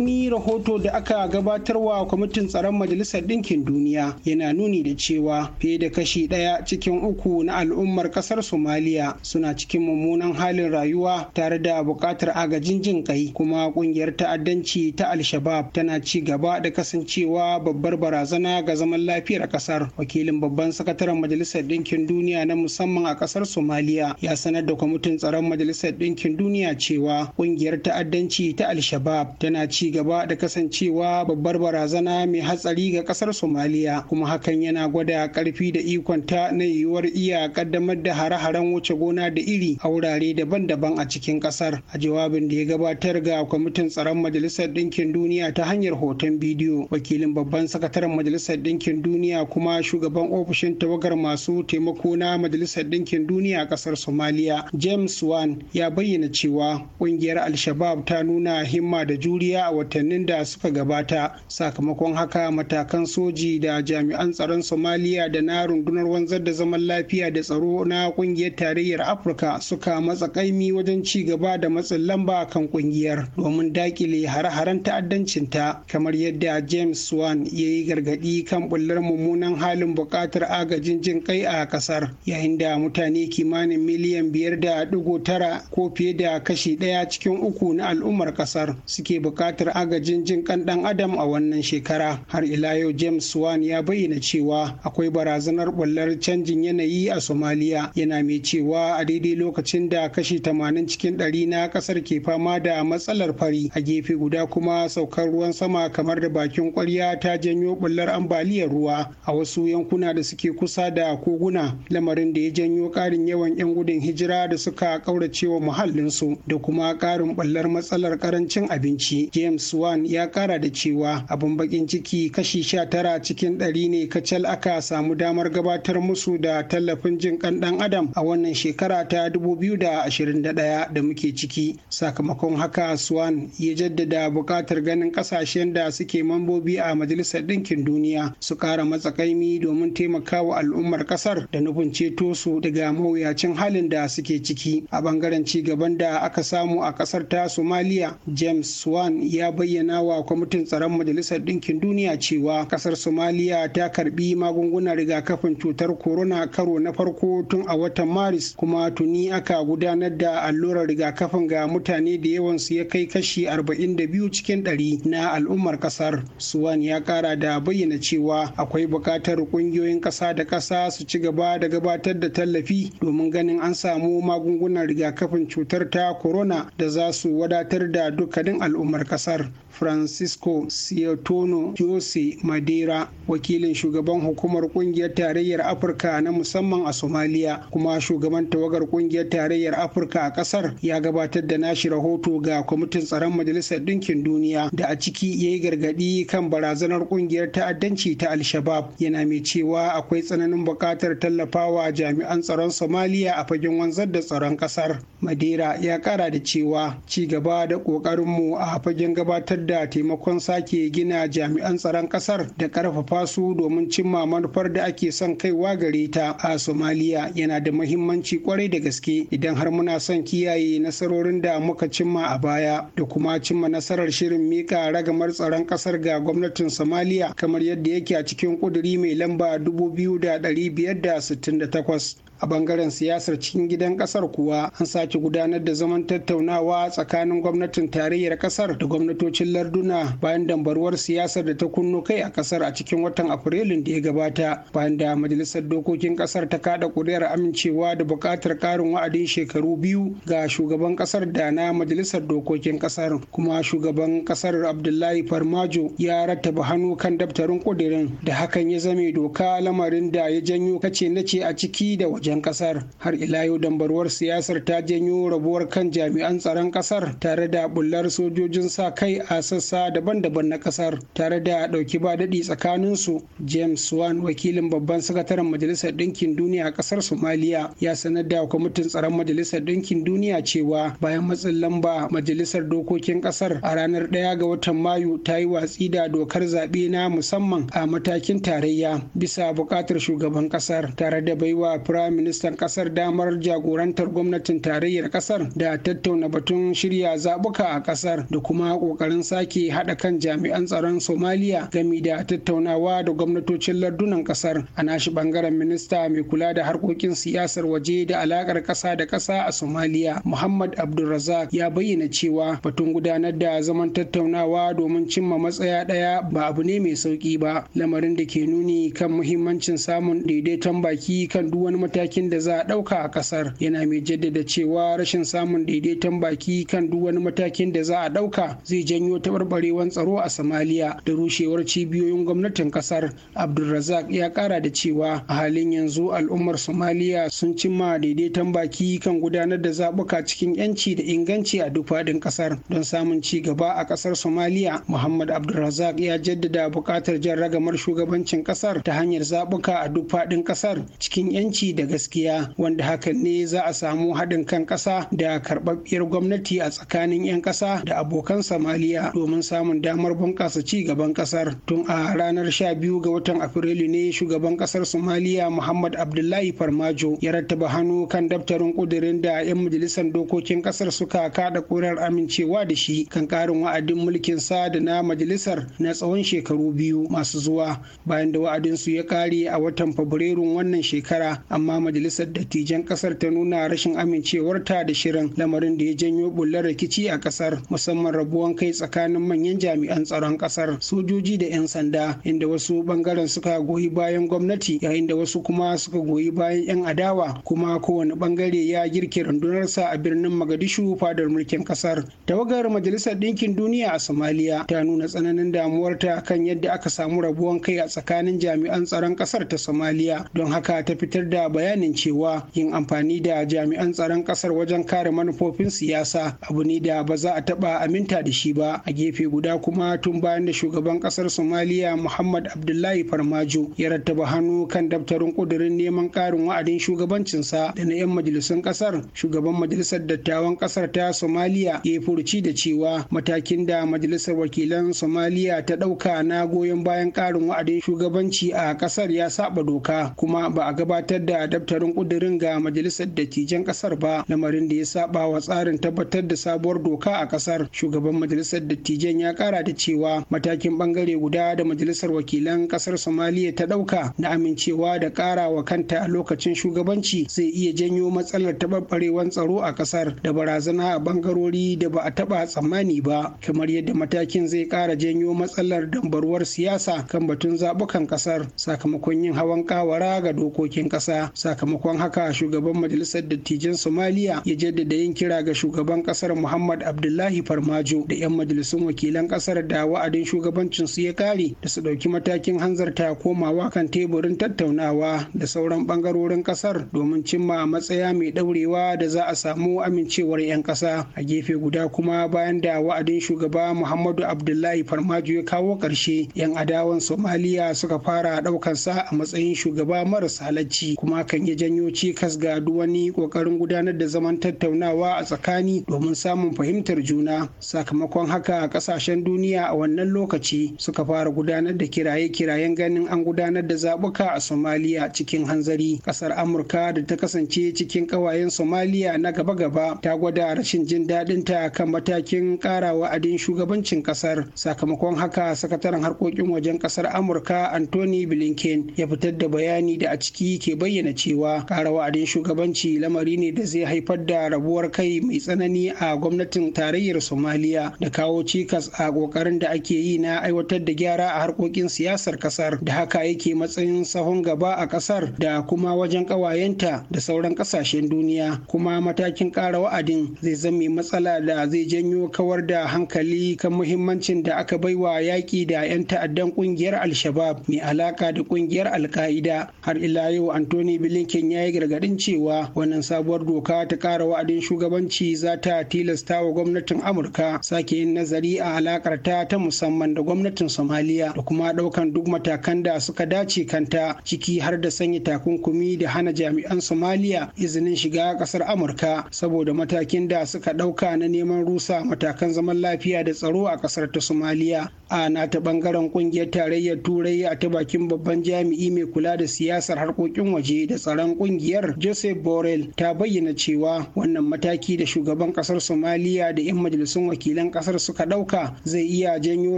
wani rahoto da aka gabatarwa kwamitin tsaron majalisar ɗinkin duniya yana nuni da cewa fiye da kashi ɗaya cikin uku na al'ummar ƙasar somaliya suna cikin mummunan halin rayuwa tare da buƙatar agajin jin kai kuma ƙungiyar ta'addanci ta Alshabab tana ci gaba da kasancewa babbar barazana ga zaman lafiyar ƙasar wakilin babban sakataren majalisar ɗinkin duniya na musamman a ƙasar somaliya ya sanar da kwamitin tsaron majalisar ɗinkin duniya cewa ƙungiyar ta'addanci ta Alshabab tana ci gaba da kasancewa babbar barazana mai hatsari ga kasar somaliya kuma hakan yana gwada karfi da ikonta na yiwuwar iya kaddamar da hare-haren wuce gona da iri a wurare daban-daban a cikin kasar a jawabin da ya gabatar ga kwamitin tsaron majalisar ɗinkin duniya ta hanyar hoton bidiyo wakilin babban sakataren majalisar ɗinkin duniya kuma shugaban ofishin tawagar masu taimako na majalisar ɗinkin duniya a kasar somaliya james wan ya bayyana cewa ƙungiyar alshabab ta nuna himma da juriya a watannin da suka gabata sakamakon haka matakan soji da jami'an tsaron somaliya da na rundunar wanzar da zaman lafiya da tsaro na kungiyar tarayyar afirka suka matsa kaimi wajen ci gaba da matsin lamba kan kungiyar domin dakile hare-haren ta'addancinta kamar yadda james swan ya yi gargadi kan bullar mummunan halin buƙatar agajin jin kai a ƙasar yayin da mutane kimanin miliyan biyar da digo tara ko fiye da kashi ɗaya cikin uku na al'ummar ƙasar suke buƙatar buƙatar agajin jin kan ɗan adam a wannan shekara har ila yau james swan ya bayyana cewa akwai barazanar ɓullar canjin yanayi a somaliya yana mai cewa a daidai lokacin da kashi tamanin cikin ɗari na ƙasar ke fama da matsalar fari a gefe guda kuma saukar ruwan sama kamar da bakin ƙwarya ta janyo ɓullar ambaliyar ruwa a wasu yankuna da suke kusa da koguna lamarin da ya janyo ƙarin yawan 'yan gudun hijira da suka ƙauracewa muhallinsu da kuma ƙarin ɓullar matsalar ƙarancin abinci james wan ya kara da cewa Abun bakin ciki kashi sha tara cikin ɗari ne kacal aka samu damar gabatar musu da tallafin jin kan dan adam a wannan shekara ta 2021 da muke ciki sakamakon haka swan ya jaddada bukatar ganin kasashen da suke mambobi a majalisar ɗinkin duniya su ƙara matsakaimi domin taimakawa al'ummar ƙasar da nufin ceto su daga mawuyacin halin da suke ciki a bangaren ci gaban da aka samu a ƙasar ta somalia james swan ya ya bayyana wa kwamitin tsaron majalisar ɗinkin duniya cewa ƙasar somaliya ta karbi magungunan rigakafin cutar corona karo na farko tun a watan maris kuma tuni aka gudanar da allurar rigakafin ga mutane da yawan su ya kai kashi 42 cikin 100 na al'ummar ƙasar suwan ya ƙara da bayyana cewa akwai buƙatar ƙungiyoyin ƙasa da ƙasa su ci gaba da gabatar da tallafi domin ganin an samu magungunan rigakafin cutar ta corona da za su wadatar da dukkanin al'ummar ƙasa kasar francisco siotono jose madera wakilin shugaban hukumar kungiyar tarayyar afirka na musamman a somaliya kuma shugaban tawagar kungiyar tarayyar afirka a kasar ya gabatar da nashi rahoto ga kwamitin tsaron majalisar Dinkin duniya da a ciki ya yi gargaɗi kan barazanar kungiyar ta'addanci ta alshabab yana mai cewa akwai tsananin buƙatar tallafawa jami'an tsaron somaliya a fagen wanzar da tsaron kasar madera ya ƙara da cewa ci gaba da ƙoƙarinmu a fagen gabatar da taimakon sake gina jami'an tsaron kasar da karfafa su domin cimma manufar da ake son kaiwa gare ta a somaliya yana da mahimmanci kwarai da gaske idan har muna son kiyaye nasarorin da muka cimma a baya da kuma cimma nasarar shirin mika ragamar tsaron kasar ga gwamnatin somaliya kamar yadda yake a cikin kuduri mai lamba 2568 a bangaren siyasar cikin gidan kasar kuwa an sake gudanar da zaman tattaunawa tsakanin gwamnatin tarayyar kasar da gwamnatocin larduna bayan dambarwar siyasar da ta kunno kai a kasar a cikin watan afrilun da ya gabata bayan da majalisar dokokin kasar ta kada kuri'ar amincewa da bukatar ƙarin wa'adin shekaru biyu ga shugaban kasar da na majalisar dokokin kasar kuma shugaban kasar abdullahi farmajo ya rattaba hannu kan daftarin kudirin da hakan ya zame doka lamarin da ya janyo kace nace a ciki da waje wajen kasar har ila yau dambarwar siyasar ta janyo rabuwar kan jami'an tsaron kasar tare da bullar sojojin sa kai a sassa daban-daban na kasar tare da dauki ba daɗi tsakanin su james wan wakilin babban sakataren majalisar ɗinkin duniya a kasar somalia ya sanar da kwamitin tsaron majalisar ɗinkin duniya cewa bayan matsin lamba majalisar dokokin kasar a ranar ɗaya ga watan mayu ta yi watsi da dokar zaɓe na musamman a matakin tarayya bisa buƙatar shugaban kasar tare da baiwa firayim ministan kasar damar jagorantar gwamnatin tarayyar kasar da tattauna batun shirya zabuka a kasar da kuma kokarin sake hada kan jami'an tsaron somaliya gami da tattaunawa da gwamnatocin lardunan kasar a nashi bangaren minista mai kula da harkokin siyasar waje da alakar kasa da kasa a somaliya muhammad abdulrazak ya bayyana cewa batun gudanar da zaman tattaunawa domin cimma matsaya daya ba abu ne mai sauki ba lamarin da ke nuni kan muhimmancin samun daidaiton baki kan duk wani mataki matakin da za a ɗauka a ƙasar yana mai jaddada cewa rashin samun daidaiton baki kan duk wani matakin da za a ɗauka zai janyo taɓarɓarewan tsaro a somaliya da rushewar cibiyoyin gwamnatin ƙasar abdulrazak ya ƙara da cewa a halin yanzu al'ummar somaliya sun cimma daidaiton baki kan gudanar da zaɓuka cikin 'yanci da inganci a duk faɗin ƙasar don samun ci gaba a ƙasar somaliya muhammad abdulrazak ya jaddada buƙatar jan ragamar shugabancin ƙasar ta hanyar zaɓuka a duk faɗin ƙasar cikin 'yanci da gaskiya wanda hakan ne za a samu haɗin kan ƙasa da karɓaɓɓiyar gwamnati a tsakanin 'yan ƙasa da abokan somalia domin samun damar bunƙasa ci gaban ƙasar. Tun a ranar 12 ga watan Afrilu ne shugaban ƙasar Somaliya Muhammad Abdullahi Farmajo ya rattaba hannu kan daftarin ƙudurin da 'yan majalisar dokokin ƙasar suka kaɗa ƙurar amincewa da shi kan ƙarin wa'adin mulkin sa da na majalisar na tsawon shekaru biyu masu zuwa bayan da wa'adinsu ya ƙare a watan Fabrairun wannan shekara amma majalisar dattijan kasar ta nuna rashin amincewarta da shirin lamarin da ya janyo bullar rikici a kasar musamman rabuwan kai tsakanin manyan jami'an tsaron kasar sojoji da 'yan sanda inda wasu bangaren suka goyi bayan gwamnati yayin da wasu kuma suka goyi bayan 'yan adawa kuma kowane bangare ya girke rundunarsa a birnin magadishu fadar mulkin kasar tawagar majalisar ɗinkin duniya a somaliya ta nuna tsananin damuwarta kan yadda aka samu rabuwan kai a tsakanin jami'an tsaron kasar ta somaliya don haka ta fitar da bayani bayanin cewa yin amfani da jami'an tsaron kasar wajen kare manufofin siyasa abu ne da ba za a taba aminta da shi ba a gefe guda kuma tun bayan da shugaban kasar somaliya muhammad abdullahi farmajo ya rattaba hannu kan daftarin kudirin neman karin wa'adin shugabancinsa da na 'yan majalisun kasar shugaban majalisar dattawan kasar ta somaliya ya furuci da cewa matakin da majalisar wakilan somaliya ta ɗauka na goyon bayan karin wa'adin shugabanci a kasar ya saba doka kuma ba a gabatar da daftarin kudirin ga majalisar dattijan kasar ba lamarin da ya saba wa tsarin tabbatar da sabuwar doka a kasar shugaban majalisar dattijan ya kara da cewa matakin bangare guda da majalisar wakilan kasar somaliya ta dauka na amincewa da kara wa kanta a lokacin shugabanci zai iya janyo matsalar taɓarɓarewan tsaro a kasar da barazana a bangarori da ba a taɓa tsammani ba kamar yadda matakin zai kara janyo matsalar dambaruwar siyasa kan batun zaɓukan kasar sakamakon yin hawan kawara ga dokokin kasa sakamakon haka shugaban majalisar dattijan somaliya ya jaddada yin kira ga shugaban kasar muhammad abdullahi farmajo da 'yan majalisun wakilan kasar da wa'adin shugabancin su ya kare da su ɗauki matakin hanzarta komawa kan teburin tattaunawa da sauran bangarorin kasar domin cimma matsaya mai ɗaurewa da za a samu amincewar 'yan ƙasa a gefe guda kuma bayan da wa'adin shugaba muhammadu abdullahi farmajo ya kawo ƙarshe 'yan adawan somaliya suka fara ɗaukar sa a matsayin shugaba marasa halacci kuma kan kan iya janyo cikas ga wani kokarin gudanar da zaman tattaunawa a tsakani domin samun fahimtar juna sakamakon haka kasashen duniya a wannan lokaci suka fara gudanar da kiraye-kirayen ganin an gudanar da zabuka a somaliya cikin hanzari kasar amurka da ta kasance cikin kawayen somaliya na gaba-gaba ta gwada rashin jin daɗin ta kan matakin ƙara wa'adin shugabancin kasar sakamakon haka sakataren harkokin wajen kasar amurka anthony blinken ya fitar da bayani da a ciki ke bayyana cewa cewa ƙara wa'adin shugabanci lamari ne da zai haifar da rabuwar kai mai tsanani a gwamnatin tarayyar somaliya da kawo cikas a ƙoƙarin da ake yi na aiwatar da gyara a harkokin siyasar ƙasar da haka yake matsayin sahun gaba a ƙasar da kuma wajen ƙawayenta da sauran ƙasashen duniya kuma matakin ƙara wa'adin zai zame matsala da zai janyo kawar da hankali kan muhimmancin da aka baiwa yaƙi da 'yan ta'addan ƙungiyar al-shabab mai alaka da ƙungiyar al-qaida har ila yau anthony yankin ya yi gargadin cewa wannan sabuwar doka ta kara wa'adin shugabanci za ta tilasta wa gwamnatin amurka sake yin nazari a alakar ta ta musamman da gwamnatin somaliya da kuma ɗaukan duk matakan da suka dace kanta ciki har da sanya takunkumi da hana jami'an somaliya izinin shiga ƙasar amurka saboda matakin da suka ɗauka na neman rusa matakan zaman lafiya da tsaro a ƙasar ta somaliya a nata bangaren ƙungiyar tarayyar turai a ta bakin babban jami'i mai kula da siyasar harkokin waje da tsaro tsaron kungiyar joseph borrell ta bayyana cewa wannan mataki da shugaban kasar somaliya da 'yan majalisun wakilan kasar suka ɗauka zai iya janyo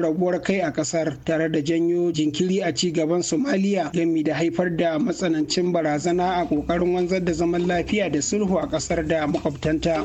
rabuwar kai a kasar tare da janyo jinkiri a ci gaban somaliya gami da haifar da matsanancin barazana a kokarin wanzar da zaman lafiya da sulhu a kasar da makwabtanta.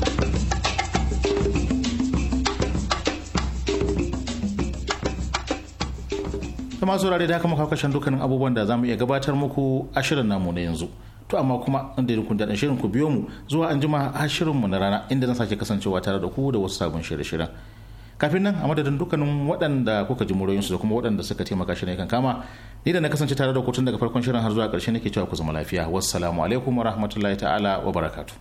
da masu rare da haka muka kashe dukkanin abubuwan da zamu iya gabatar muku a shirin namu na yanzu to amma kuma inda kun da shirin ku biyo mu zuwa an jima a mu na rana inda zan sake kasancewa tare da ku da wasu sabon shirye-shiryen kafin nan a madadin dukkanin waɗanda kuka ji muryoyinsu da kuma waɗanda suka taimaka shi ne kan kama ni da na kasance tare da ku tun daga farkon shirin har zuwa ƙarshe nake cewa ku zama lafiya wassalamu alaikum wa rahmatullahi ta'ala wa barakatu.